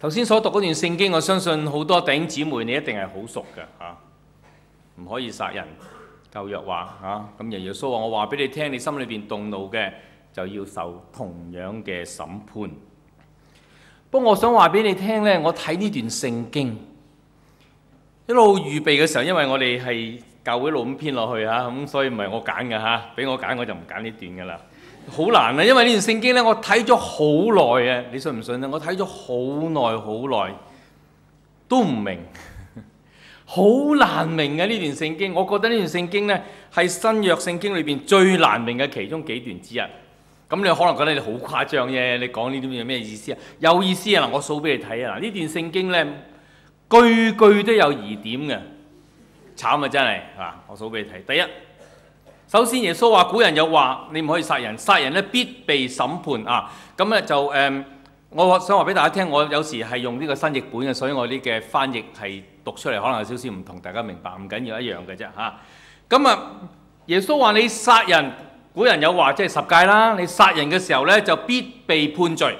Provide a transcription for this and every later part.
頭先所讀嗰段聖經，我相信好多弟兄姊妹你一定係好熟㗎嚇，唔可以殺人，舊約話嚇，咁人耶穌話，我話俾你聽，你心裏面動怒嘅就要受同樣嘅審判。不過我想話俾你聽呢，我睇呢段聖經一路預備嘅時候，因為我哋係教會一路咁編落去嚇，咁所以唔係我揀㗎嚇，俾我揀我就唔揀呢段嘅啦。好難啊，因為呢段聖經呢，我睇咗好耐啊，你信唔信啊？我睇咗好耐好耐，都唔明，好 難明嘅呢段聖經。我覺得呢段聖經呢，係新約聖經裏邊最難明嘅其中幾段之一。咁你可能覺得你好誇張嘅，你講呢啲有咩意思啊？有意思啊！嗱，我數俾你睇啊！嗱，呢段聖經呢，句句都有疑點嘅，慘啊真係，係嘛？我數俾你睇，第一。首先耶穌話：古人有話，你唔可以殺人，殺人咧必被審判啊！咁咧就誒、嗯，我想話俾大家聽，我有時係用呢個新譯本嘅，所以我呢嘅翻譯係讀出嚟可能有少少唔同，大家明白唔緊要，一樣嘅啫嚇。咁啊，耶穌話你殺人，古人有話即係、就是、十戒啦。你殺人嘅時候咧就必被判罪。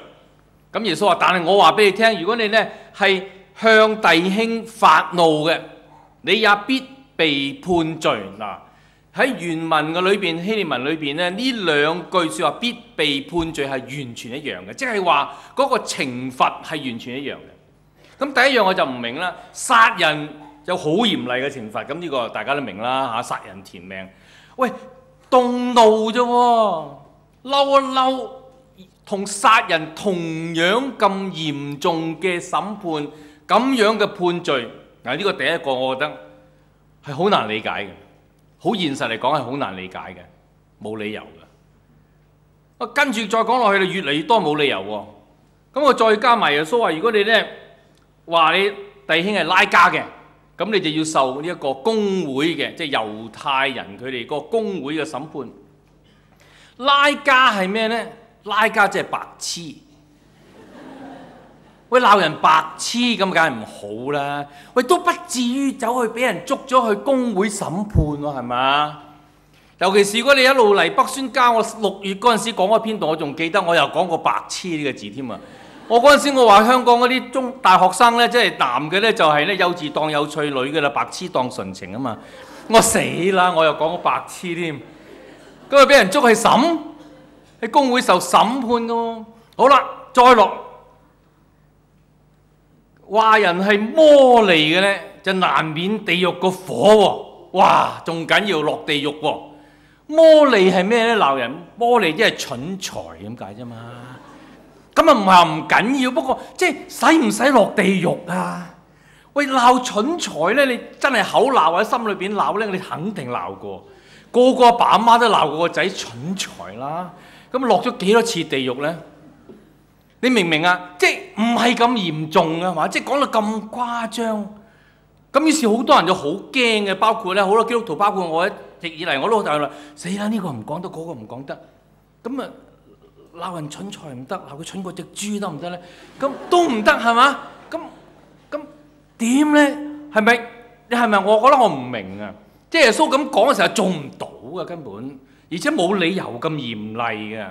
咁耶穌話：但係我話俾你聽，如果你呢係向弟兄發怒嘅，你也必被判罪嗱。啊。喺原文嘅裏邊，希臘文裏邊咧，呢兩句説話必被判罪係完全一樣嘅，即係話嗰個懲罰係完全一樣嘅。咁第一樣我就唔明啦，殺人有好嚴厲嘅懲罰，咁呢個大家都明啦吓，殺、啊、人填命。喂，動怒啫、啊，嬲一嬲，同殺人同樣咁嚴重嘅審判，咁樣嘅判罪，嗱、這、呢個第一個，我覺得係好難理解嘅。好現實嚟講係好難理解嘅，冇理由嘅。跟住再講落去，你越嚟越多冇理由喎。咁我再加埋耶穌話：如果你呢話你弟兄係拉家嘅，咁你就要受呢一個公會嘅，即係猶太人佢哋個公會嘅審判。拉家係咩呢？拉家即係白痴。喂，鬧人白痴咁，梗係唔好啦。喂，都不至於走去俾人捉咗去公會審判喎、啊，係嘛？尤其是如果你一路嚟北宣教，我六月嗰陣時講嗰篇度，我仲記得我、啊我我就是有有我，我又講過白痴呢個字添啊。我嗰陣時我話香港嗰啲中大學生呢，即係男嘅呢，就係呢幼稚當有趣，女嘅啦，白痴當純情啊嘛。我死啦！我又講過白痴添，咁啊俾人捉去審喺公會受審判噶、啊、好啦，再落。話人係魔利嘅咧，就難免地獄個火喎、啊。哇，仲緊要落地獄喎、啊。魔利係咩咧？鬧人魔利即係蠢材，咁解啫嘛。咁啊唔話唔緊要，不過即係使唔使落地獄啊？喂，鬧蠢材咧，你真係口鬧或者心裏邊鬧咧，你肯定鬧過。個個阿爸阿媽都鬧過個仔蠢材啦。咁落咗幾多次地獄咧？你明唔明啊？即係唔係咁嚴重㗎嘛，即係講到咁誇張，咁於是好多人就好驚嘅，包括咧好多基督徒，包括我一直以嚟我都好大壓力。死啦！呢個唔講得，嗰個唔講得，咁啊鬧人蠢材唔得，鬧佢蠢過隻豬得唔得咧？咁都唔得係嘛？咁咁點咧？係咪？你係咪？我覺得我唔明啊！即係耶穌咁講嘅時候做唔到嘅根本，而且冇理由咁嚴厲嘅。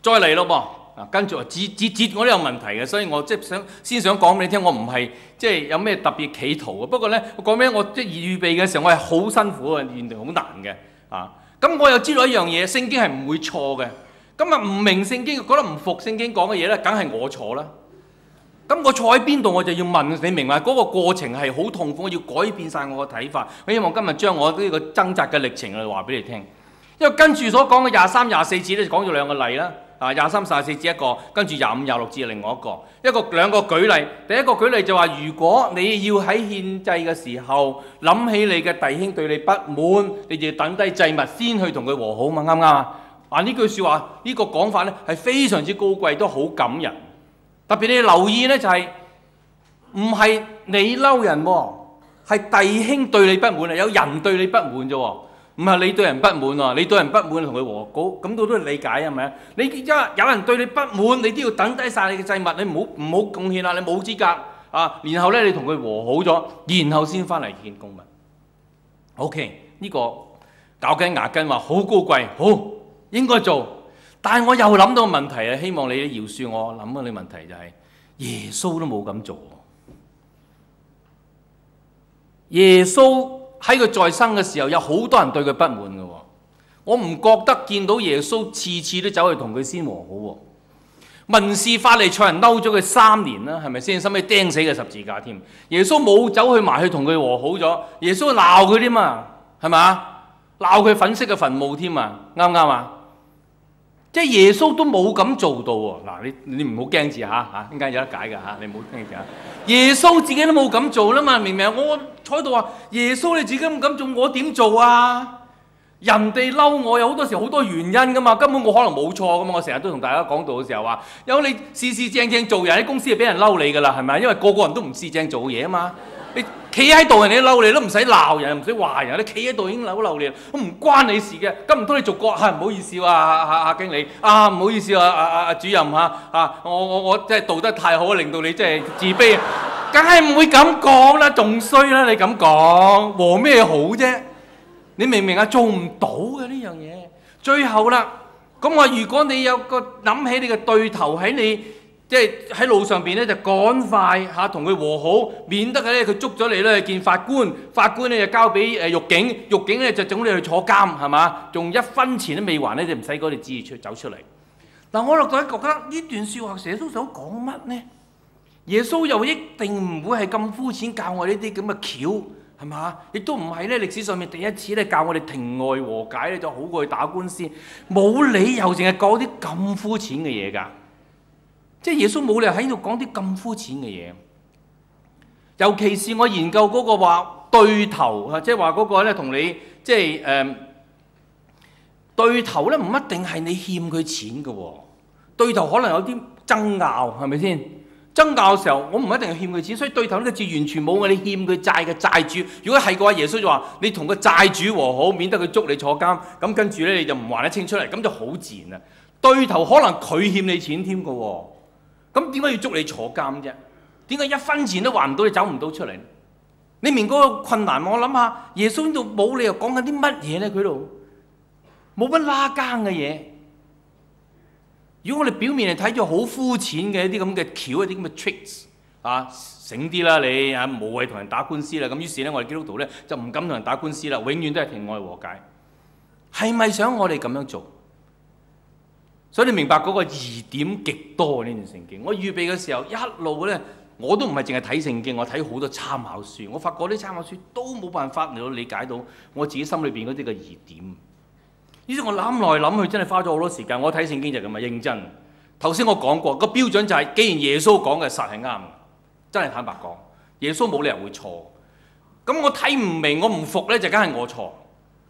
再嚟咯噃！嗱、啊，跟住話，字字字我都有問題嘅，所以我即係想先想講俾你聽，我唔係即係有咩特別企圖嘅。不過咧，我講俾，我即係預備嘅時候，我係好辛苦嘅，原來好難嘅。啊，咁我又知道一樣嘢，聖經係唔會錯嘅。咁啊，唔明聖經，覺得唔服聖經講嘅嘢咧，梗係我錯啦。咁我錯喺邊度，我就要問你明白。嗰、那個過程係好痛苦，我要改變晒我嘅睇法。我希望今日將我呢個掙扎嘅歷程去話俾你聽。因為跟住所講嘅廿三、廿四節咧，就講咗兩個例啦。啊，廿三、廿四至一個，跟住廿五、廿六至另外一個，一個兩個舉例。第一個舉例就話，如果你要喺獻祭嘅時候諗起你嘅弟兄對你不滿，你就要等低祭物先去同佢和好嘛，啱唔啱啊？嗱，呢句説話，呢個講法咧係非常之高貴，都好感人。特別你要留意咧，就係唔係你嬲人喎，係弟兄對你不滿啊，有人對你不滿咋喎？唔係你對人不滿喎，你對人不滿，你同佢和好，咁佢都係理解係咪？你即係有人對你不滿，你都要等低曬你嘅祭物，你唔好唔好貢獻啦，你冇資格啊。然後咧，你同佢和好咗，然後先翻嚟獻供物。OK，呢個咬緊牙根話好高貴，好應該做。但係我又諗到個問題啊，希望你饒恕我諗嘅呢個問題就係耶穌都冇咁做，耶穌。喺佢在生嘅時候，有好多人對佢不滿嘅喎。我唔覺得見到耶穌次次都走去同佢先和好喎、哦。文士法利賽人嬲咗佢三年啦，係咪先？收尾釘死佢十字架添。耶穌冇走去埋去同佢和好咗。耶穌鬧佢添嘛，係咪？鬧佢粉飾嘅墳墓添嘛，啱唔啱啊？即係耶穌都冇咁做到喎，嗱你你唔好驚住嚇嚇，點、啊、解有得解㗎嚇？你唔好驚住嚇。 耶穌自己都冇咁做啦嘛，明明我坐喺度話，耶穌你自己唔敢做，我點做啊？人哋嬲我有好多時好多原因㗎嘛，根本我可能冇錯㗎嘛，我成日都同大家講道嘅時候話，有你四四正正做人喺公司就俾人嬲你㗎啦，係咪？因為個個人都唔四正做嘢啊嘛。你企喺度，人哋嬲你都唔使鬧人，唔使話人。你企喺度已經嬲你，我唔關你事嘅。咁唔通你逐個？嚇唔好意思喎，阿阿阿經理，啊唔好意思啊啊啊主任嚇嚇，我我我真係道德太好，令到你真係自卑，梗係唔會咁講啦，仲衰啦你咁講和咩好啫？你明唔明啊？做唔到嘅呢樣嘢，最後啦，咁我如果你有個諗起你嘅對頭喺你，即係喺路上邊咧，就趕快嚇同佢和好，免得咧佢捉咗你咧去見法官，法官咧就交俾誒獄警，獄警咧就整你去坐監，係嘛？仲一分錢都未還咧，就唔使嗰啲字出走出嚟。嗱，我落咗覺得呢段説話，耶穌想講乜呢？耶穌又一定唔會係咁膚淺教我呢啲咁嘅橋，係嘛？亦都唔係咧歷史上面第一次咧教我哋庭外和解咧就好過去打官司，冇理由淨係講啲咁膚淺嘅嘢㗎。即係耶穌冇理由喺度講啲咁膚淺嘅嘢，尤其是我研究嗰個話對頭，即係話嗰個咧同你即係、嗯、對頭咧，唔一定係你欠佢錢嘅喎、哦，對頭可能有啲爭拗，係咪先？爭拗嘅時候，我唔一定係欠佢錢，所以對頭呢個字完全冇我哋欠佢債嘅債主。如果係嘅話，耶穌就話你同個債主和好，免得佢捉你坐監。咁跟住咧你就唔還得清出嚟，咁就好賤啦。對頭可能佢欠你錢添嘅喎。咁點解要捉你坐監啫？點解一分錢都還唔到，你走唔到出嚟？你明嗰個困難，我諗下耶穌都冇理由講緊啲乜嘢咧？佢度冇乜拉更嘅嘢。如果我哋表面係睇咗好膚淺嘅一啲咁嘅橋，一啲咁嘅 tricks 啊，醒啲啦你啊，冇謂同人打官司啦。咁於是咧，我哋基督徒咧就唔敢同人打官司啦，永遠都係庭外和解。係咪想我哋咁樣做？所以你明白嗰個疑點極多呢段聖經？我預備嘅時候一路呢我都唔係淨係睇聖經，我睇好多參考書。我發覺啲參考書都冇辦法嚟到理解到我自己心裏邊嗰啲嘅疑點。於是，我諗嚟諗去，真係花咗好多時間。我睇聖經就咁啊，認真。頭先我講過個標準就係，既然耶穌講嘅實係啱，真係坦白講，耶穌冇理由會錯。咁我睇唔明，我唔服呢就梗係我錯。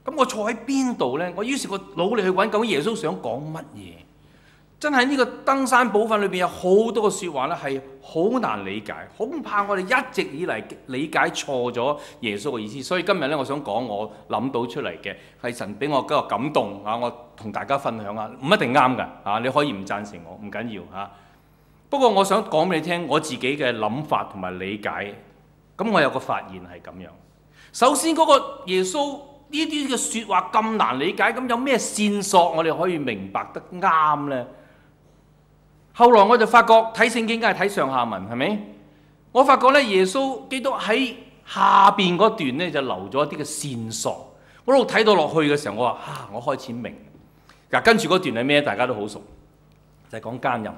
咁我錯喺邊度呢？我於是我努力去揾究竟耶穌想講乜嘢。真係呢個登山寶訓裏邊有好多個説話呢，係好難理解，恐怕我哋一直以嚟理解錯咗耶穌嘅意思。所以今日呢，我想講我諗到出嚟嘅係神俾我嗰個感動啊，我同大家分享啊，唔一定啱㗎啊，你可以唔贊成我，唔緊要嚇。不過我想講俾你聽，我自己嘅諗法同埋理解，咁我有個發現係咁樣。首先嗰個耶穌呢啲嘅説話咁難理解，咁有咩線索我哋可以明白得啱呢？後來我就發覺，睇聖經梗係睇上下文，係咪？我發覺咧，耶穌基督喺下邊嗰段咧就留咗一啲嘅線索。我一路睇到落去嘅時候，我話嚇、啊，我開始明。嗱，跟住嗰段係咩？大家都好熟，就係、是、講奸淫，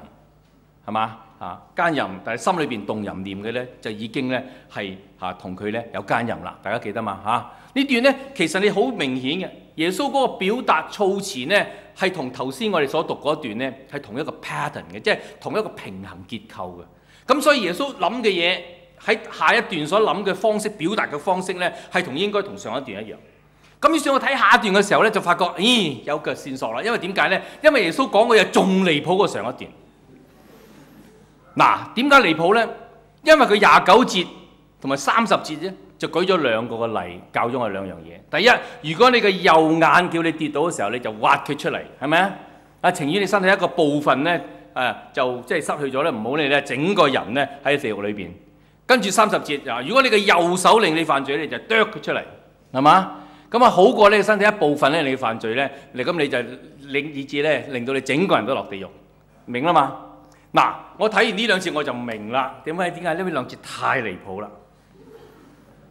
係嘛？嚇，奸淫，但係心裏邊動淫念嘅咧，就已經咧係嚇同佢咧有奸淫啦。大家記得嘛？嚇、啊，這段呢段咧其實你好明顯嘅，耶穌嗰個表達措辭咧。係同頭先我哋所讀嗰段呢，係同一個 pattern 嘅，即係同一個平衡結構嘅。咁所以耶穌諗嘅嘢喺下一段所諗嘅方式、表達嘅方式呢，係同應該同上一段一樣。咁於是，我睇下一段嘅時候呢，就發覺，咦、哎，有個線索啦。因為點解呢？因為耶穌講嘅嘢仲離譜過上一段。嗱，點解離譜呢？因為佢廿九節同埋三十節啫。就舉咗兩個個例，教咗我兩樣嘢。第一，如果你嘅右眼叫你跌倒嘅時候，你就挖佢出嚟，係咪啊？啊情願，你身體一個部分咧，誒、啊、就即係失去咗咧，唔好你咧整個人咧喺地獄裏邊。跟住三十節，嗱，如果你嘅右手令你犯罪咧，你就剁佢出嚟，係嘛？咁啊好過咧，身體一部分咧，你犯罪咧，嚟咁你就令以致咧，令到你整個人都落地獄，明啦嘛？嗱，我睇完呢兩節我就明啦，點解點解呢兩節太離譜啦？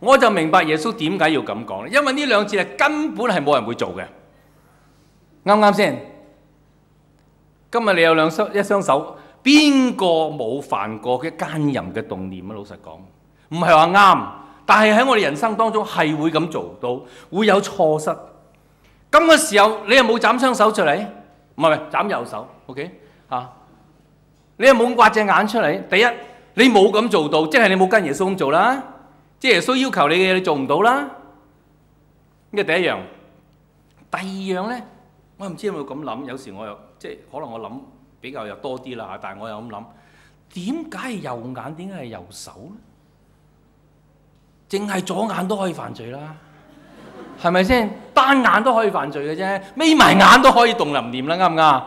我就明白耶穌點解要咁講，因為呢兩次係根本係冇人會做嘅。啱啱先，今日你有兩雙一雙手，邊個冇犯過嘅奸淫嘅動念啊？老實講，唔係話啱，但係喺我哋人生當中係會咁做到，會有錯失。咁嘅時候，你又冇斬雙手出嚟，唔係咪斬右手？OK 嚇，你又冇刮隻眼出嚟。第一，你冇咁做到，即係你冇跟耶穌咁做啦。即係耶穌要求你嘅嘢，你做唔到啦。呢個第一樣，第二樣咧，我唔知有冇咁諗。有時我又即係可能我諗比較又多啲啦，但係我又咁諗：點解係右眼？點解係右手咧？淨係左眼都可以犯罪啦，係咪先？單眼都可以犯罪嘅啫，眯埋眼都可以動淫念啦，啱唔啱？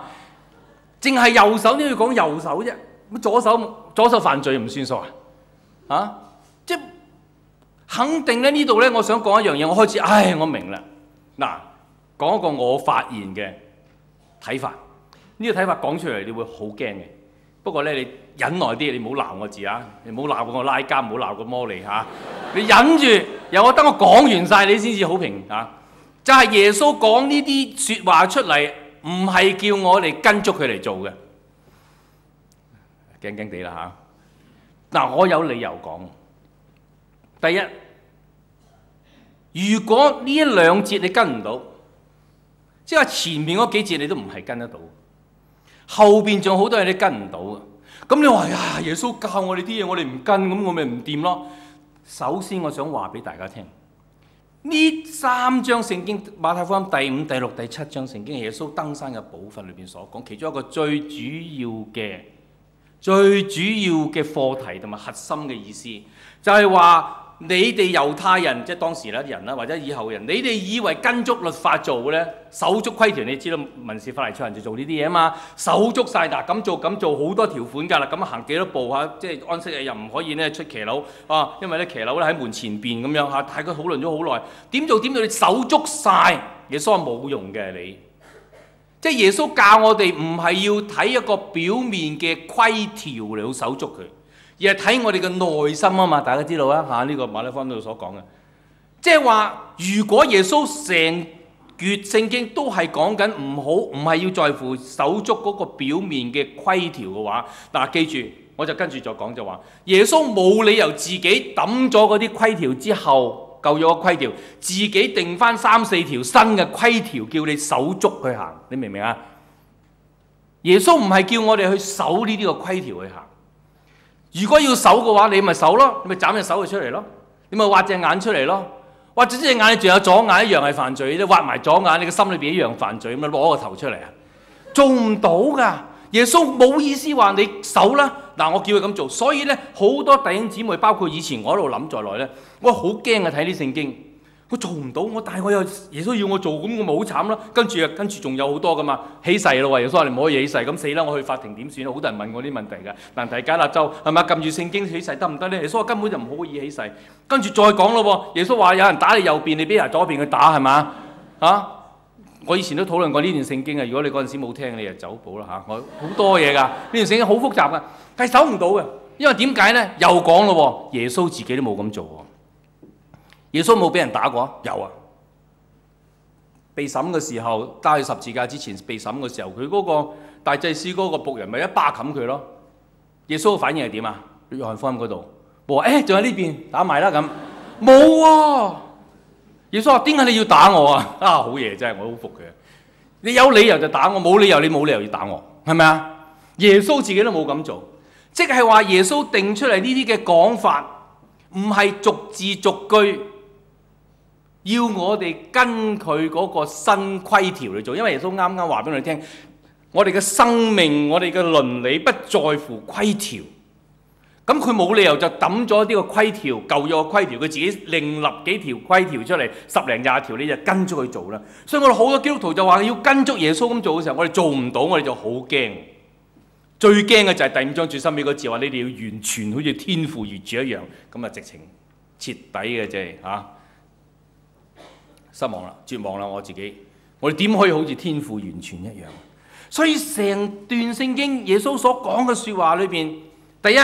淨係右手都要講右手啫，咁左手左手犯罪唔算數啊？啊？肯定咧，呢度呢，我想講一樣嘢。我開始，唉，我明啦。嗱，講一個我發現嘅睇法。呢、這個睇法講出嚟，你會好驚嘅。不過呢，你忍耐啲，你唔好鬧我字啊，你唔好鬧個我拉加，唔好鬧個魔利嚇、啊。你忍住，由我等我講完晒你先至好評啊。就係、是、耶穌講呢啲説話出嚟，唔係叫我哋跟足佢嚟做嘅。驚驚地啦嚇。嗱、啊，我有理由講。第一。如果呢一兩節你跟唔到，即係前面嗰幾節你都唔係跟得到，後邊仲好多嘢你跟唔到嘅。咁你話、哎、呀，耶穌教我哋啲嘢，我哋唔跟，咁我咪唔掂咯。首先，我想話俾大家聽，呢三章聖經馬太福音第五、第六、第七章聖經耶穌登山嘅寶訓裏邊所講，其中一個最主要嘅、最主要嘅課題同埋核心嘅意思，就係、是、話。你哋猶太人即係當時咧啲人啦，或者以後嘅人，你哋以為跟足律法做咧，手足規條，你知道民事法例出人就做呢啲嘢啊嘛，手足晒嗱咁做咁做好多條款㗎啦，咁行幾多步啊？即係安息日又唔可以咧出騎樓啊，因為咧騎樓咧喺門前邊咁樣嚇，大家討論咗好耐，點做點做，你手足晒，耶穌話冇用嘅你，即係耶穌教我哋唔係要睇一個表面嘅規條嚟手足佢。而係睇我哋嘅內心啊嘛，大家知道啊嚇，呢個馬利方度所講嘅，即係話如果耶穌成卷聖經都係講緊唔好，唔係要在乎手足嗰個表面嘅規條嘅話，嗱，記住我就跟住再講就話，耶穌冇理由自己抌咗嗰啲規條之後，舊有嘅規條，自己定翻三四條新嘅規條叫你手足去行，你明唔明啊？耶穌唔係叫我哋去守呢啲嘅規條去行。如果要守嘅話，你咪守咯，你咪斬隻手就出嚟咯，你咪挖隻眼出嚟咯，挖咗隻眼，你仲有左眼一樣係犯罪，你挖埋左眼，你個心裏邊一樣犯罪，咁樣攞個頭出嚟啊？做唔到㗎。耶穌冇意思話你守啦，嗱我叫佢咁做。所以咧好多弟兄姊妹，包括以前我喺度諗在內咧，我好驚啊睇啲聖經。佢做唔到，我大概我又耶穌要我做，咁我咪好慘咯。跟住啊，跟住仲有好多噶嘛，起誓咯喎！耶穌話你唔可以起誓，咁死啦！我去法庭點算咧？好多人問我呢問題噶，難題解答，就係咪撳住聖經起誓得唔得呢？耶穌話根本就唔可以起誓。跟住再講咯喎，耶穌話有人打你右邊，你畀人左邊去打係嘛？啊，我以前都討論過呢段聖經啊。如果你嗰陣時冇聽，你就走寶啦嚇！我好多嘢噶，呢 段聖經好複雜噶，係守唔到嘅，因為點解呢？又講咯喎，耶穌自己都冇咁做喎。耶穌冇俾人打過啊？有啊，被審嘅時候，帶去十字架之前，被審嘅時候，佢嗰個大祭司嗰個僕人咪一巴冚佢咯。耶穌嘅反應係點、哦、 啊？約翰福音嗰度，我誒，仲喺呢邊打埋啦咁，冇啊！耶穌話：點解你要打我啊？啊，好嘢真係，我好服佢。你有理由就打我，冇理由你冇理由要打我，係咪啊？耶穌自己都冇咁做，即係話耶穌定出嚟呢啲嘅講法，唔係逐字逐句。要我哋跟佢嗰個新規條去做，因為耶穌啱啱話俾我哋聽，我哋嘅生命、我哋嘅倫理不在乎規條。咁佢冇理由就抌咗呢個規條、舊嘅規條，佢自己另立幾條規條出嚟，十零廿條，你就跟住去做啦。所以我哋好多基督徒就話要跟足耶穌咁做嘅時候，我哋做唔到，我哋就好驚。最驚嘅就係第五章最深尾嗰個字話：你哋要完全好似天父如主一樣，咁啊直情徹底嘅啫嚇。失望啦，絕望啦！我自己，我哋點可以好似天父完全一樣？所以成段聖經耶穌所講嘅説話裏邊，第一，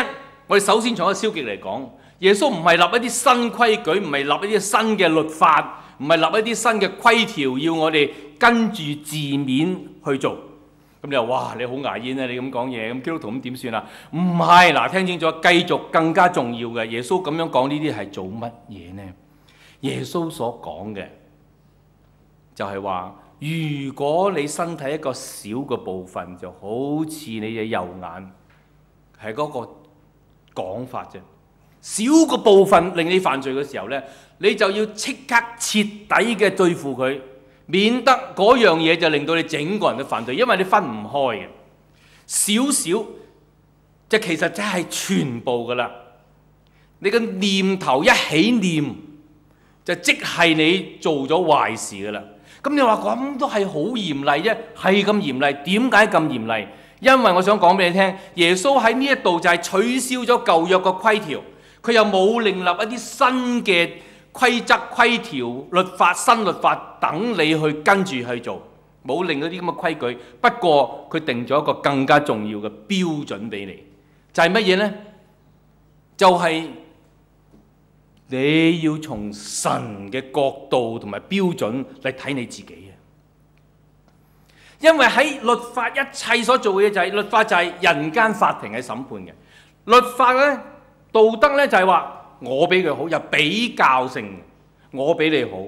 我哋首先從一啲消極嚟講，耶穌唔係立一啲新規矩，唔係立一啲新嘅律法，唔係立一啲新嘅規條，要我哋跟住字面去做。咁你話哇，你好牙煙啊！你咁講嘢咁基督徒咁點算啊？唔係嗱，聽清楚，繼續更加重要嘅。耶穌咁樣講呢啲係做乜嘢呢？耶穌所講嘅。就係話，如果你身體一個小嘅部分，就好似你嘅右眼，係嗰個講法啫。小個部分令你犯罪嘅時候呢，你就要即刻徹底嘅對付佢，免得嗰樣嘢就令到你整個人都犯罪，因為你分唔開嘅。少少即其實真係全部噶啦。你嘅念頭一起念，就即係你做咗壞事噶啦。咁你話咁都係好嚴厲啫，係咁嚴厲，點解咁嚴厲？因為我想講俾你聽，耶穌喺呢一度就係取消咗舊約嘅規條，佢又冇另立一啲新嘅規則、規條、律法、新律法等你去跟住去做，冇另立啲咁嘅規矩。不過佢定咗一個更加重要嘅標準俾你，就係乜嘢呢？就係。你要從神嘅角度同埋標準嚟睇你自己嘅，因為喺律法一切所做嘅嘢就係律法，就係人間法庭嘅審判嘅。律法咧，道德咧就係話我比佢好，有比較性，我比你好，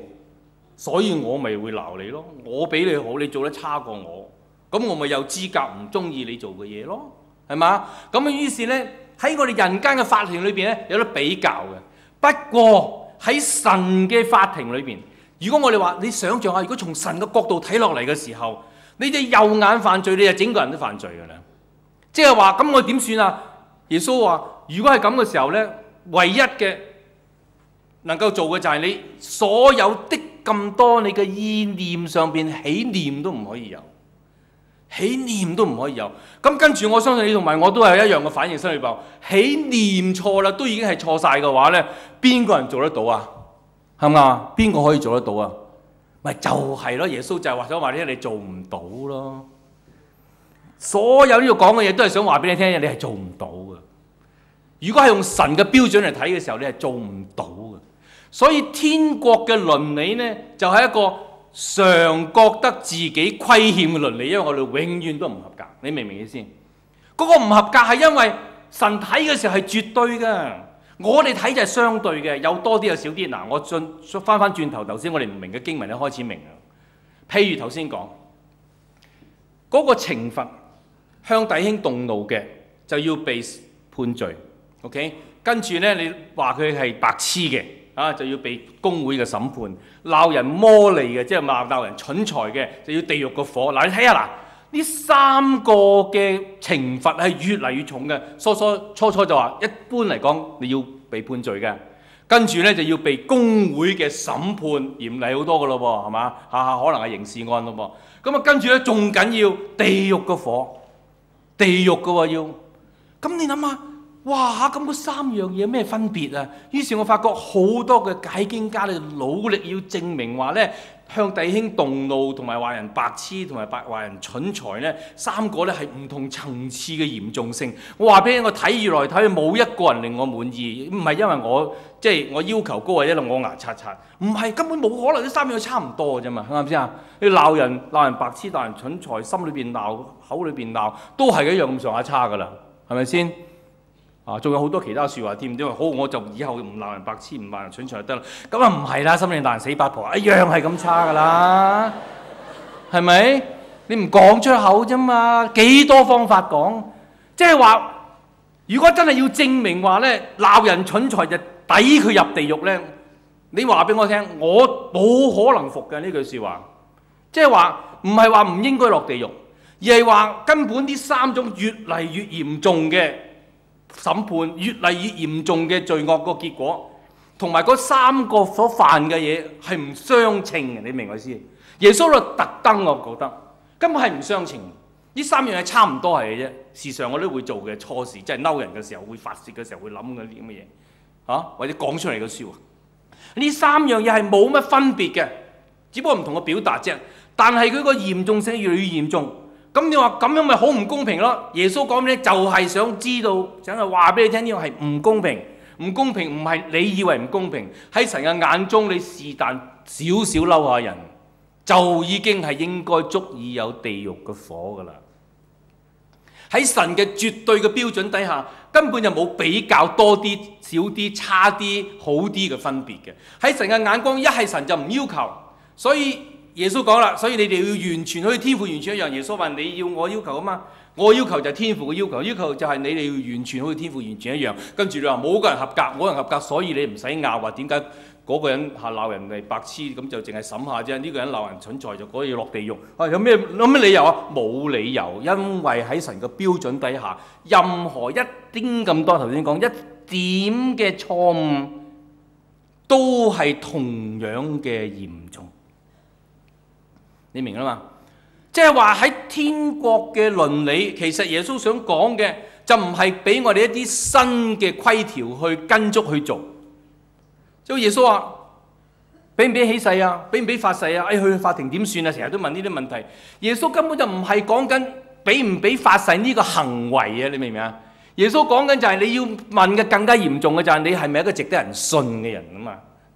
所以我咪會鬧你咯。我比你好，你做得差過我，咁我咪有資格唔中意你做嘅嘢咯，係嘛？咁於是呢，喺我哋人間嘅法庭裏邊咧，有得比較嘅。不過喺神嘅法庭裏邊，如果我哋話你想象下，如果從神嘅角度睇落嚟嘅時候，你隻右眼犯罪，你就整個人都犯罪噶啦。即係話，咁我點算啊？耶穌話：如果係咁嘅時候呢，唯一嘅能夠做嘅就係你所有的咁多你嘅意念上邊，起念都唔可以有。起念都唔可以有，咁跟住我相信你同埋我都係一樣嘅反應。心裡邊起念錯啦，都已經係錯晒嘅話咧，邊個人做得到啊？係咪？啊？邊個可以做得到啊？咪就係、是、咯，耶穌就係話想話呢，你做唔到咯。所有呢度講嘅嘢都係想話俾你聽，你係做唔到嘅。如果係用神嘅標準嚟睇嘅時候，你係做唔到嘅。所以天國嘅倫理咧，就係、是、一個常覺得自己虧欠嘅倫理，因為我哋永遠都唔合格。你明唔明意思？嗰個唔合格係因為神睇嘅時候係絕對嘅，我哋睇就係相對嘅，有多啲有少啲。嗱，我轉翻翻轉頭，頭先我哋唔明嘅經文，你開始明啦。譬如頭先講嗰個懲罰，向弟兄動怒嘅就要被判罪。OK，跟住呢，你話佢係白痴嘅。啊！就要被公會嘅審判，鬧人魔利嘅，即係鬧鬧人蠢材嘅，就要地獄個火。嗱，你睇下嗱，呢三個嘅懲罰係越嚟越重嘅。初初初初就話一般嚟講你要被判罪嘅，跟住咧就要被公會嘅審判嚴厲好多嘅咯喎，係嘛？下下可能係刑事案咯喎。咁啊，跟住咧仲緊要，緊要地獄個火，地獄嘅喎要。咁你諗下？哇嚇！咁嗰三樣嘢有咩分別啊？於是，我發覺好多嘅解經家你努力要證明話咧，向弟兄動怒同埋話人白痴同埋話人蠢材咧，三個咧係唔同層次嘅嚴重性。我話俾你聽，我睇以來睇去，冇一個人令我滿意，唔係因為我即係、就是、我要求高啊，因為我牙刷刷，唔係根本冇可能。呢三樣差唔多嘅啫嘛，啱唔啱先啊？你鬧人鬧人白痴，鬧人蠢材，心裏邊鬧，口裏邊鬧，都係一樣咁上下差噶啦，係咪先？啊，仲有好多其他説話添，點啊？好，我就以後唔鬧人白痴，唔鬧人蠢材就得啦。咁啊，唔係啦，心裏鬧人死八婆一樣係咁差噶啦，係咪？ 你唔講出口啫嘛，幾多方法講？即係話，如果真係要證明話呢，鬧人蠢材就抵佢入地獄呢？你話俾我聽，我冇可能服嘅呢句説話。即係話，唔係話唔應該落地獄，而係話根本呢三種越嚟越嚴重嘅。審判越嚟越嚴重嘅罪惡個結果，同埋嗰三個所犯嘅嘢係唔相稱嘅，你明我意思？耶穌咧特登，我覺得根本係唔相稱。呢三樣嘢差唔多係嘅啫，事實上，我都會做嘅錯事，即係嬲人嘅時候會發泄嘅時候會諗嗰啲咁嘅嘢，嚇或者講出嚟嘅說話。呢三樣嘢係冇乜分別嘅，只不過唔同個表達啫。但係佢個嚴重性越嚟越嚴重。咁你話咁樣咪好唔公平咯？耶穌講咩就係想知道，想話俾你聽，呢個係唔公平，唔公平唔係你以為唔公平。喺神嘅眼中，你是但少少嬲下人，就已經係應該足以有地獄嘅火噶啦。喺神嘅絕對嘅標準底下，根本就冇比較多啲、少啲、差啲、好啲嘅分別嘅。喺神嘅眼光，一係神就唔要求，所以。耶穌講啦，所以你哋要完全可以天父完全一樣。耶穌話：你要我要求啊嘛，我要求就係天父嘅要求，要求就係你哋要完全可以天父完全一樣。跟住你話冇個人合格，冇人合格，所以你唔使拗話點解嗰個人嚇鬧人係白痴，咁就淨係審下啫。呢、這個人鬧人蠢材就可以落地獄。啊、哎，有咩有咩理由啊？冇理由，因為喺神嘅標準底下，任何一丁咁多頭先講一點嘅錯誤，都係同樣嘅嚴重。你明啦嘛？即係話喺天國嘅倫理，其實耶穌想講嘅就唔係俾我哋一啲新嘅規條去跟足去做。即係耶穌話：俾唔俾起誓啊？俾唔俾發誓啊？哎，去法庭點算啊？成日都問呢啲問題。耶穌根本就唔係講緊俾唔俾發誓呢個行為啊！你明唔明啊？耶穌講緊就係你要問嘅更加嚴重嘅就係你係咪一個值得人信嘅人啊嘛？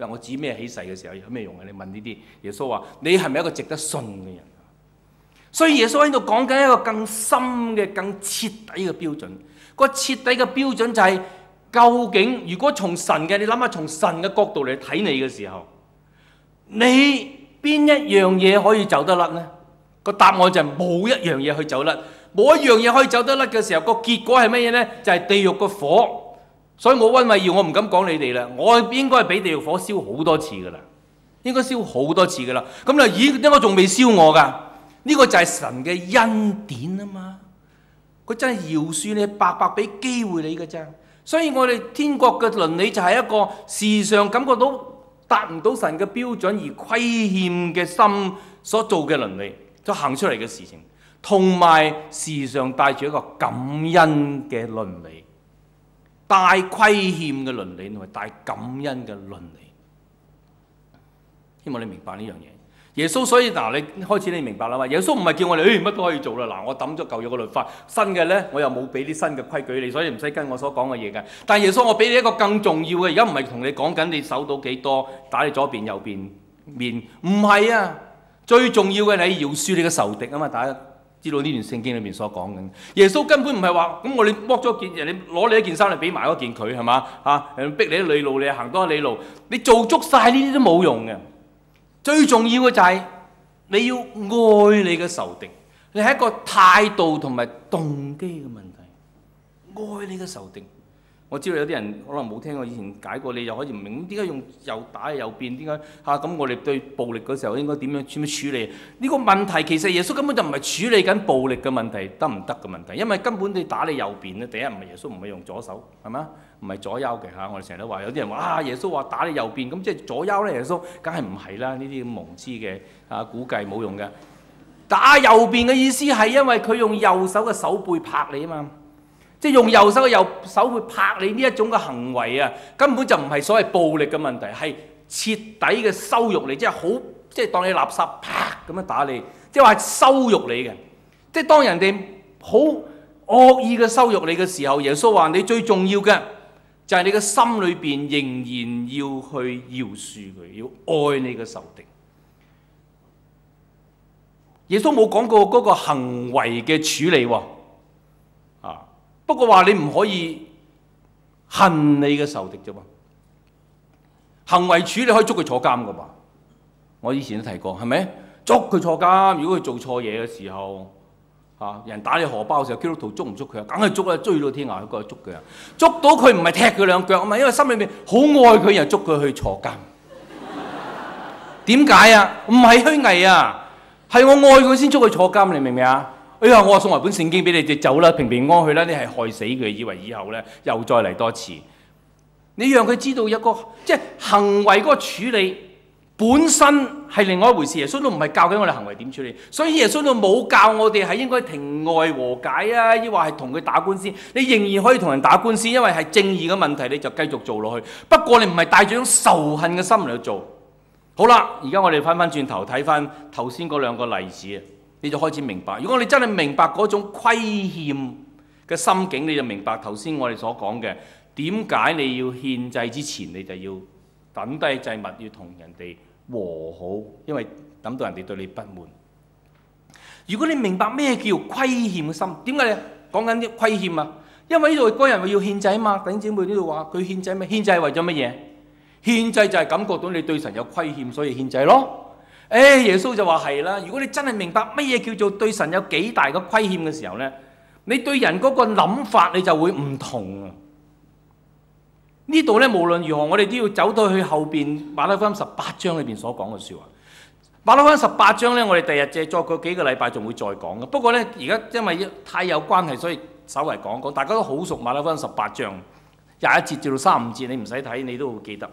我指咩起誓嘅時候有咩用啊？你問呢啲，耶穌話：你係咪一個值得信嘅人？所以耶穌喺度講緊一個更深嘅、更徹底嘅標準。個徹底嘅標準就係：究竟如果從神嘅，你諗下從神嘅角度嚟睇你嘅時候，你邊一樣嘢可以走得甩呢？個答案就係冇一樣嘢可以走甩，冇一樣嘢可以走得甩嘅時候，個結果係乜嘢呢？就係地獄嘅火。所以我温偉耀，我唔敢講你哋啦。我應該係俾地獄火燒好多次噶啦，應該燒好多次噶啦。咁就咦？呢個仲未燒我噶？呢、這個就係神嘅恩典啊嘛！佢真係饒恕你，白白俾機會你噶咋。所以我哋天國嘅倫理就係一個時尚感覺到達唔到神嘅標準而虧欠嘅心所做嘅倫理，所行出嚟嘅事情，同埋時尚帶住一個感恩嘅倫理。大虧欠嘅倫理同埋大感恩嘅倫理，希望你明白呢樣嘢。耶穌，所以嗱，你開始你明白啦嘛？耶穌唔係叫我哋誒乜都可以做啦，嗱我抌咗舊約嘅律法，新嘅呢，我又冇俾啲新嘅規矩你，所以唔使跟我所講嘅嘢嘅。但係耶穌我俾你一個更重要嘅，而家唔係同你講緊你守到幾多打你左邊右邊面，唔係啊，最重要嘅你要輸你個仇敵，吖嘛，打。知道呢段聖經裏面所講嘅耶穌根本唔係話，咁我哋剝咗件，人你攞你一件衫嚟俾埋嗰件佢，係嘛啊，逼你一里路你行多一里路，你做足晒呢啲都冇用嘅，最重要嘅就係你要愛你嘅仇敵，你係一個態度同埋動機嘅問題，愛你嘅仇敵。我知道有啲人可能冇聽過以前解過，你又可以唔明點解用右打右邊？點解嚇咁？啊、我哋對暴力嗰時候應該點樣點樣處理？呢、呢個問題其實耶穌根本就唔係處理緊暴力嘅問題，得唔得嘅問題，因為根本你打你右邊咧，第一唔係耶穌唔係用左手，係咪？唔係左右嘅嚇，我哋成日都話有啲人話啊，耶穌話打你右邊，咁即係左右咧？耶穌梗係唔係啦？呢啲咁矇知嘅啊估計冇用嘅，打右邊嘅意思係因為佢用右手嘅手背拍你啊嘛。即係用右手嘅右手去拍你呢一種嘅行為啊，根本就唔係所謂暴力嘅問題，係徹底嘅羞辱你，即係好，即係當你垃圾啪咁樣打你，即係話羞辱你嘅。即係當人哋好惡意嘅羞辱你嘅時候，耶穌話你最重要嘅就係你嘅心裏邊仍然要去饒恕佢，要愛你嘅仇敵。耶穌冇講過嗰個行為嘅處理。不過話你唔可以恨你嘅仇敵啫嘛，行為處理可以捉佢坐監㗎嘛。我以前都提過，係咪？捉佢坐監，如果佢做錯嘢嘅時候，嚇、啊、人打你荷包嘅時候，基督徒捉唔捉佢啊？梗係捉啦，追到天涯去，過去捉佢啊！捉到佢唔係踢佢兩腳啊嘛，因為心裏面好愛佢，又捉佢去坐監。點解啊？唔係虛偽啊，係我愛佢先捉佢坐監，你明唔明啊？哎呀，我送埋本聖經俾你，你走啦，平平安安去啦。你係害死佢，以為以後呢，又再嚟多次。你讓佢知道一個即係行為嗰個處理本身係另外一回事。耶穌都唔係教緊我哋行為點處理，所以耶穌都冇教我哋係應該庭外和解啊，抑或係同佢打官司。你仍然可以同人打官司，因為係正義嘅問題，你就繼續做落去。不過你唔係帶住種仇恨嘅心嚟做。好啦，而家我哋翻翻轉頭睇翻頭先嗰兩個例子。你就開始明白，如果你真係明白嗰種虧欠嘅心境，你就明白頭先我哋所講嘅點解你要獻祭之前，你就要等低祭物，要同人哋和好，因為等到人哋對你不滿。如果你明白咩叫虧欠嘅心，點解你講緊啲虧欠啊？因為呢度嗰人會要獻祭啊嘛，弟姐妹呢度話佢獻祭咪獻祭為咗乜嘢？獻祭就係感覺到你對神有虧欠，所以獻祭咯。誒、哎、耶穌就話係啦，如果你真係明白乜嘢叫做對神有幾大嘅虧欠嘅時候呢，你對人嗰個諗法你就會唔同啊！呢度呢，無論如何，我哋都要走到去後邊馬太福音十八章裏邊所講嘅説話。馬太福音十八章呢，我哋第日借作個幾個禮拜仲會再講嘅。不過呢，而家因為太有關係，所以稍微講講，大家都好熟馬太福音十八章廿一節至到三五節，你唔使睇，你都會記得。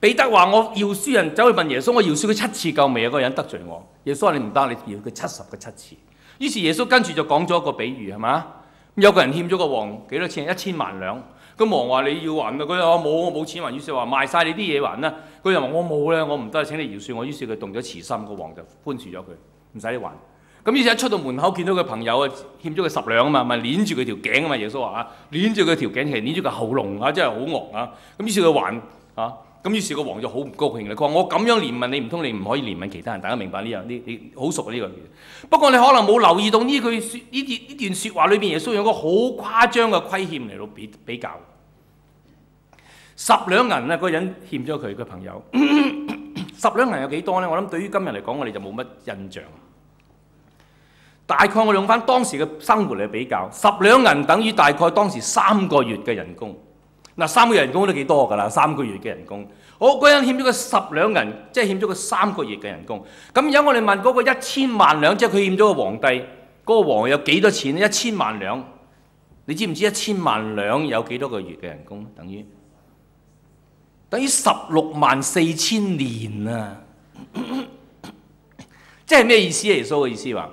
彼得話：我饒恕人走去問耶穌，我饒恕佢七次夠未啊？嗰個人得罪我。耶穌話：你唔得，你饒佢七十個七次。於是耶穌跟住就講咗一個比喻，係嘛？有個人欠咗個王幾多錢？一千萬兩。咁王話：你要還㗎？佢話：冇，我冇錢還。於是話：賣晒你啲嘢還啦。佢又話：我冇咧，我唔得，請你饒恕我。於是佢動咗慈心，個王就寬恕咗佢，唔使你還。咁於是一出到門口見到個朋友啊，欠咗佢十兩啊嘛，咪捻住佢條頸啊嘛。耶穌話：捻住佢條頸係捻住個喉嚨啊，真係好惡啊！咁於是佢還啊。咁於是個王就好唔高興啦，佢話我咁樣憐憫你，唔通你唔可以憐憫其他人？大家明白呢樣？呢你好熟呢樣嘢。不過你可能冇留意到呢句呢段呢段説話裏邊，耶穌有個好誇張嘅虧欠嚟到比比較。十兩銀啊，嗰人欠咗佢個朋友。 十兩銀有幾多呢？我諗對於今日嚟講，我哋就冇乜印象。大概我用翻當時嘅生活嚟比較，十兩銀等於大概當時三個月嘅人工。嗱，三個人工都幾多㗎啦？三個月嘅人工，我嗰人欠咗個十兩銀，即係欠咗個三個月嘅人工。咁而家我哋問嗰個一千萬兩，即係佢欠咗個皇帝嗰個王有幾多錢咧？一千萬兩，你知唔知一千萬兩有幾多個月嘅人工？等於等於十六萬四千年啊！咳咳，即係咩意思？耶穌嘅意思話，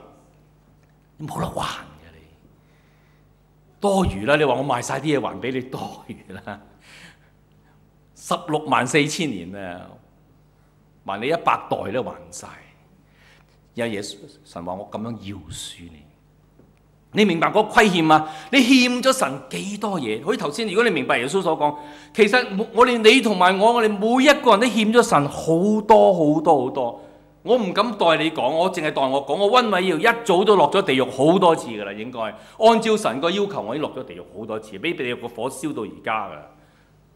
冇得還。多餘啦！你話我賣晒啲嘢還俾你，多餘啦！十六萬四千年啊，還你一百代都還晒。有耶穌神話我咁樣饒恕你，你明白個虧欠嗎？你欠咗神幾多嘢？好似頭先，如果你明白耶穌所講，其實我哋你同埋我，我哋每一個人都欠咗神好多好多好多。很多很多。我唔敢代你講，我淨係代我講。我温偉耀一早都落咗地獄好多次㗎啦，應該按照神個要求，我已經落咗地獄好多次，俾地獄個火燒到而家㗎。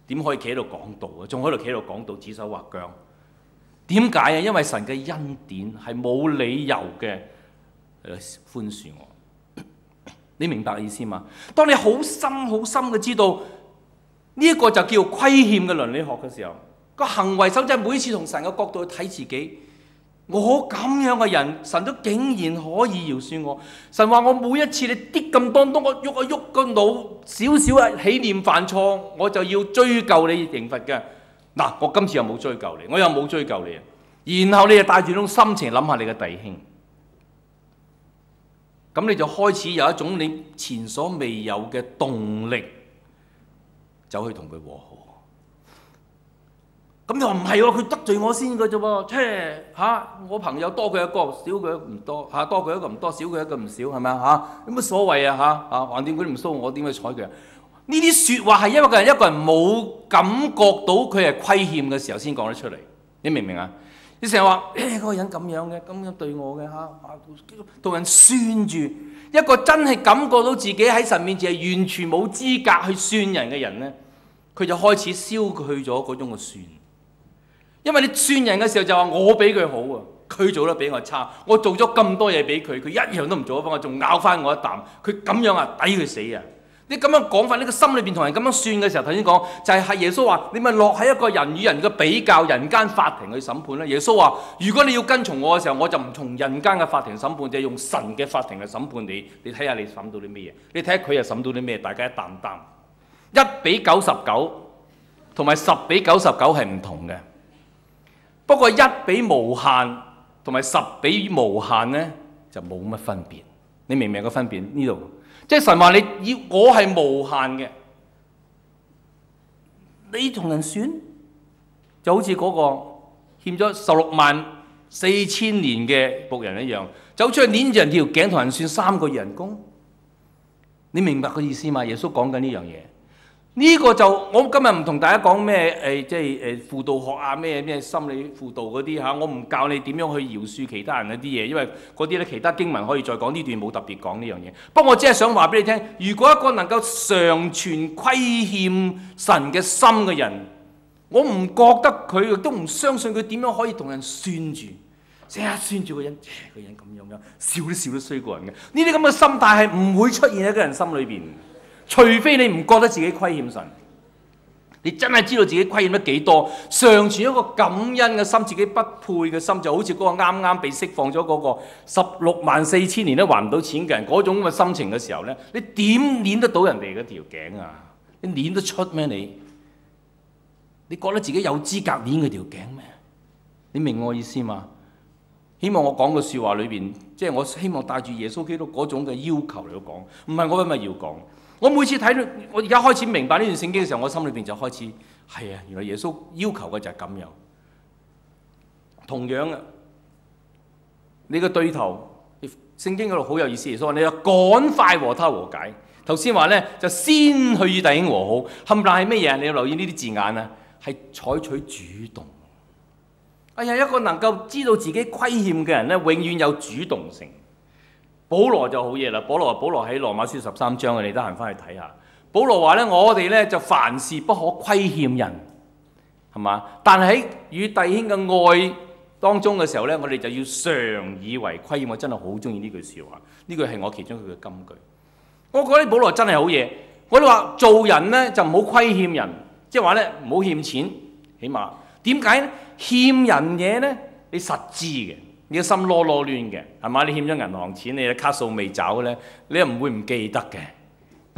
點可以企喺度講道啊？仲喺度企喺度講道，指手畫腳，點解啊？因為神嘅恩典係冇理由嘅誒寬恕我。你明白意思嘛？當你好深好深嘅知道呢一個就叫虧欠嘅倫理學嘅時候，個行為守則每次從神嘅角度去睇自己。我咁樣嘅人，神都竟然可以饒恕我。神話我每一次你啲咁多，都我喐一喐個腦，少少啊起念犯錯，我就要追究你刑罰嘅。嗱，我今次又冇追究你，我又冇追究你。然後你就帶住呢種心情諗下你嘅弟兄，咁你就開始有一種你前所未有嘅動力，走去同佢和好。咁又話唔係喎？佢、啊、得罪我先嘅啫喎，切、啊、嚇！我朋友多佢一個，少佢唔多吓，多佢一個唔多，少佢一個唔少，係咪吓，有、啊、乜所謂啊吓，嚇，橫掂佢唔蘇，我點去睬佢啊？呢啲説話係因為個人一個人冇感覺到佢係虧欠嘅時候先講得出嚟，你明唔明、欸嗰個、啊？你成日話嗰個人咁樣嘅咁樣對我嘅嚇，同人算住一個真係感覺到自己喺神面前係完全冇資格去算人嘅人咧，佢就開始消去咗嗰種嘅算。因為你算人嘅時候就話我比佢好喎，佢做得比我差，我做咗咁多嘢俾佢，佢一樣都唔做得，我仲咬翻我一啖，佢咁樣啊，抵佢死啊！你咁樣講法，呢個心裏邊同人咁樣算嘅時候，頭先講就係、是、係耶穌話，你咪落喺一個人與人嘅比較，人間法庭去審判咧。耶穌話，如果你要跟從我嘅時候，我就唔從人間嘅法庭審判，就用神嘅法庭去審判你。你睇下你審到啲咩嘢？你睇下佢又審到啲咩？大家一擔擔，一比九十九同埋十比九十九係唔同嘅。不過一比無限同埋十比無限咧，就冇乜分別。你明唔明個分別？呢度即係神話你以我係無限嘅，你同人算就好似嗰、那個欠咗十六萬四千年嘅僕人一樣，走出去攆住人條頸同人算三個人工。你明白個意思嘛？耶穌講緊呢樣嘢。呢個就我今日唔同大家講咩誒，即係誒輔導學啊咩咩心理輔導嗰啲嚇，我唔教你點樣去饒恕其他人嗰啲嘢，因為嗰啲咧其他經文可以再講呢段別，冇特別講呢樣嘢。不過我只係想話俾你聽，如果一個能夠常存虧欠神嘅心嘅人，我唔覺得佢亦都唔相信佢點樣可以同人算住，即刻算住個人，人這個人咁樣樣，笑都笑得衰過人嘅。呢啲咁嘅心態係唔會出現喺個人心裏邊。除非你唔覺得自己虧欠神，你真係知道自己虧欠得幾多，尚存一個感恩嘅心，自己不配嘅心，就好似嗰個啱啱被釋放咗嗰個十六萬四千年都還唔到錢嘅人嗰種嘅心情嘅時候呢，你點綁得到人哋嗰條頸啊？你綁得出咩？你，你覺得自己有資格綁佢條頸咩？你明我意思嘛？希望我講嘅説話裏邊，即係我希望帶住耶穌基督嗰種嘅要求嚟講，唔係我係咪要講。我每次睇到我而家開始明白呢段聖經嘅時候，我心裏邊就開始係啊，原來耶穌要求嘅就係咁樣。同樣啊，你嘅對頭，聖經嗰度好有意思，耶穌話你啊，趕快和他和解。頭先話咧就先去與弟兄和好，冚唪唥係咩嘢？你要留意呢啲字眼啊，係採取主動。哎呀，一個能夠知道自己虧欠嘅人咧，永遠有主動性。保羅就好嘢啦，保羅保羅喺羅馬書十三章嘅，你得閒翻去睇下。保羅話咧，我哋咧就凡事不可虧欠，欠人，係嘛？但係喺與弟兄嘅愛當中嘅時候咧，我哋就要常以為虧欠。我真係好中意呢句說話，呢句係我其中嘅金句。我覺得保羅真係好嘢。我哋話做人咧就唔好虧欠人，即係話咧唔好欠錢，起碼點解呢？欠人嘢咧，你實知嘅。你個心囉囉攣嘅，係嘛？你欠咗銀行錢，你卡數未找咧，你又唔會唔記得嘅，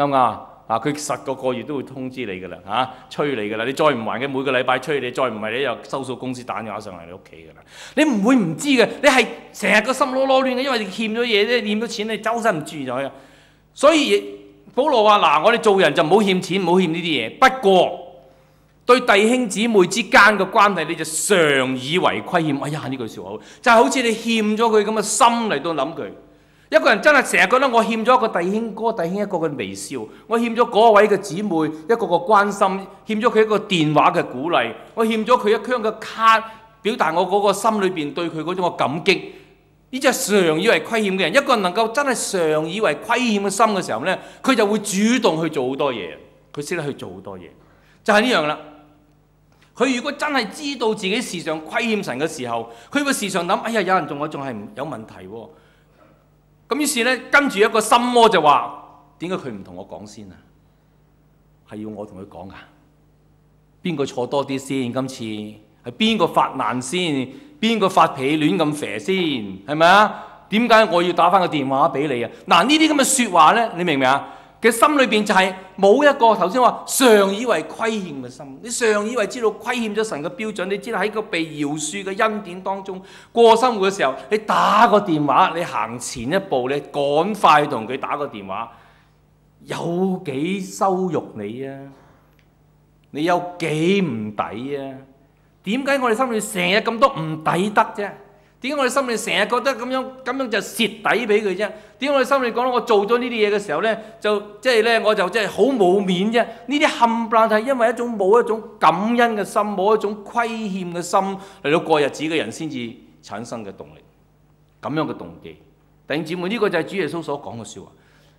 啱唔啱啊？佢十個個月都會通知你噶啦，嚇、啊，催你噶啦。你再唔還嘅，每個禮拜催你，再唔係你又收數公司打電話上嚟你屋企噶啦。你唔會唔知嘅，你係成日個心囉囉攣嘅，因為你欠咗嘢咧，你欠咗錢你周身唔注意咗啊。所以保羅話：嗱，我哋做人就唔好欠錢，唔好欠呢啲嘢。不過，對弟兄姊妹之間嘅關係，你就常以為虧欠。哎呀，呢句説話好就係好似你欠咗佢咁嘅心嚟到諗佢。一個人真係成日覺得我欠咗一個弟兄哥、弟兄一個嘅微笑，我欠咗嗰位嘅姊妹一個個關心，欠咗佢一個電話嘅鼓勵，我欠咗佢一張嘅卡，表達我嗰個心裏邊對佢嗰種嘅感激。呢只係常以為虧欠嘅人，一個人能夠真係常以為虧欠嘅心嘅時候呢，佢就會主動去做好多嘢，佢識得去做好多嘢，就係呢樣啦。佢如果真係知道自己事上虧欠神嘅時候，佢會事上諗：哎呀，有人中我仲係唔有問題喎、啊。咁於是呢，跟住一個心魔就話：點解佢唔同我講先啊？係要我同佢講㗎？邊個錯多啲先？今次係邊個發難先？邊個發脾，發脾亂咁肥先？係咪啊？點解我要打翻個電話俾你啊？嗱，呢啲咁嘅説話呢，你明唔明啊？佢心裏邊就係冇一個頭先話，常以為虧欠嘅心，你常以為知道虧欠咗神嘅標準，你知道喺個被饒恕嘅恩典當中過生活嘅時候，你打個電話，你行前一步，你趕快同佢打個電話，有幾羞辱你啊？你有幾唔抵啊？點解我哋心裏成日咁多唔抵得啫？點解我哋心裏成日覺得咁樣咁樣就蝕底俾佢啫？點解我哋心裏講到我做咗呢啲嘢嘅時候咧，就即係咧，我就即係好冇面啫？呢啲冚唪唥係因為一種冇一種感恩嘅心，冇一種虧欠嘅心嚟到過日子嘅人先至產生嘅動力，咁樣嘅動機。弟兄姊妹，呢個就係主耶穌所講嘅説話。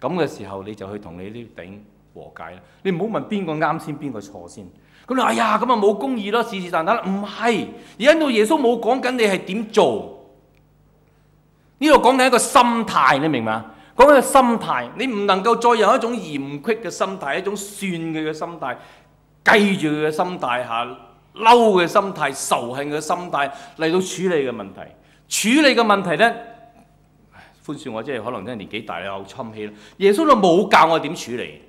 咁嘅時候你就去同你啲頂和解啦，你唔好問邊個啱先，邊個錯先。咁你哎呀，咁啊冇公義咯，是是但但啦。唔係，而家耶穌冇講緊你係點做，呢度講緊一個心態，你明嘛？講緊個心態，你唔能夠再有一種嫌隙嘅心態，一種算佢嘅心態，計住佢嘅心態下，嬲嘅心態、仇恨嘅心態嚟到處理嘅問題，處理嘅問題咧。寬恕我，即係可能真係年紀大又有侵氣啦。耶穌都冇教我點處理，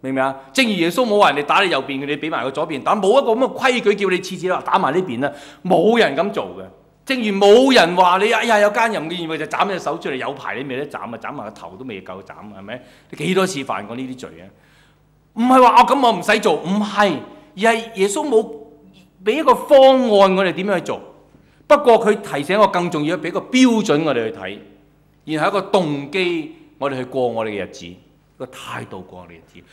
明唔明啊？正如耶穌冇話人哋打你右邊，佢你俾埋個左邊打，冇一個咁嘅規矩叫你次次都打埋呢邊啦。冇人咁做嘅。正如冇人話你，哎呀有奸人，嘅意為就斬隻手出嚟，有排你未得斬啊？斬埋個頭都未夠斬，係咪？你幾多次犯過呢啲罪啊？唔係話哦咁，我唔使做，唔係，而係耶穌冇俾一個方案我哋點樣去做。不過佢提醒我更重要，俾個標準我哋去睇。然後一個動機，我哋去過我哋嘅日子，個態度過我哋嘅日子。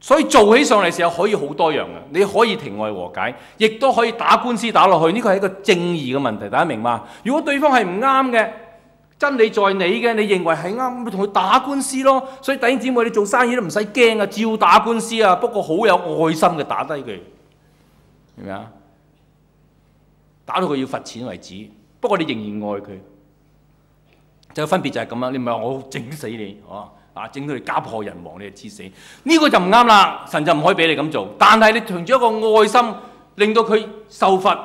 所以做起上嚟時候可以好多樣嘅，你可以庭外和解，亦都可以打官司打落去。呢個係一個正義嘅問題，大家明嗎？如果對方係唔啱嘅，真理在你嘅，你認為係啱，咪同佢打官司咯。所以弟兄姊妹，你做生意都唔使驚啊，照打官司啊。不過好有愛心嘅打低佢，明唔明啊？打到佢要罰錢為止，不過你仍然愛佢。就分別就係咁樣，你唔係話我整死你哦，啊，整到你家破人亡，你就知死，呢個就唔啱啦，神就唔可以俾你咁做。但係你憑住一個愛心，令到佢受罰，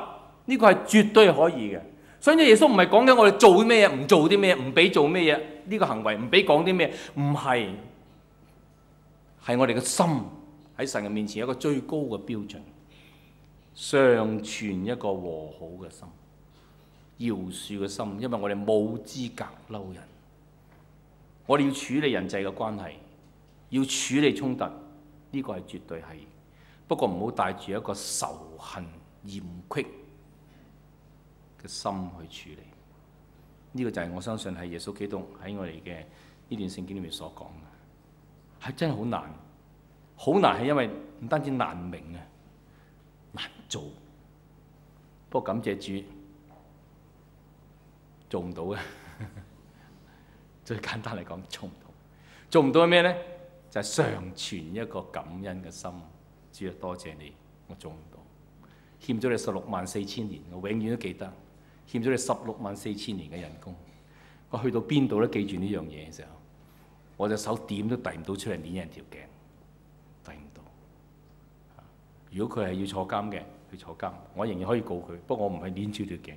呢個係絕對可以嘅。所以耶穌唔係講緊我哋做啲咩嘢，唔做啲咩嘢，唔俾做咩嘢呢個行為，唔俾講啲咩嘢，唔係，係我哋嘅心喺神嘅面前一個最高嘅標準，尚存一個和好嘅心。饒恕嘅心，因為我哋冇資格嬲人，我哋要處理人際嘅關係，要處理衝突，呢、這個係絕對係，不過唔好帶住一個仇恨、嫌隙嘅心去處理。呢、這個就係我相信係耶穌基督喺我哋嘅呢段聖經裏面所講嘅，係真係好難，好難係因為唔單止難明啊，難做，不過感謝主。做唔到嘅，最簡單嚟講，做唔到。做唔到係咩咧？就係、是、常存一個感恩嘅心。主要多謝你，我做唔到，欠咗你十六萬四千年，我永遠都記得，欠咗你十六萬四千年嘅人工。我去到邊度都記住呢樣嘢嘅時候，我隻手點都遞唔到出嚟，捏人條頸，遞唔到。如果佢係要坐監嘅，去坐監，我仍然可以告佢，不過我唔係捏住條頸。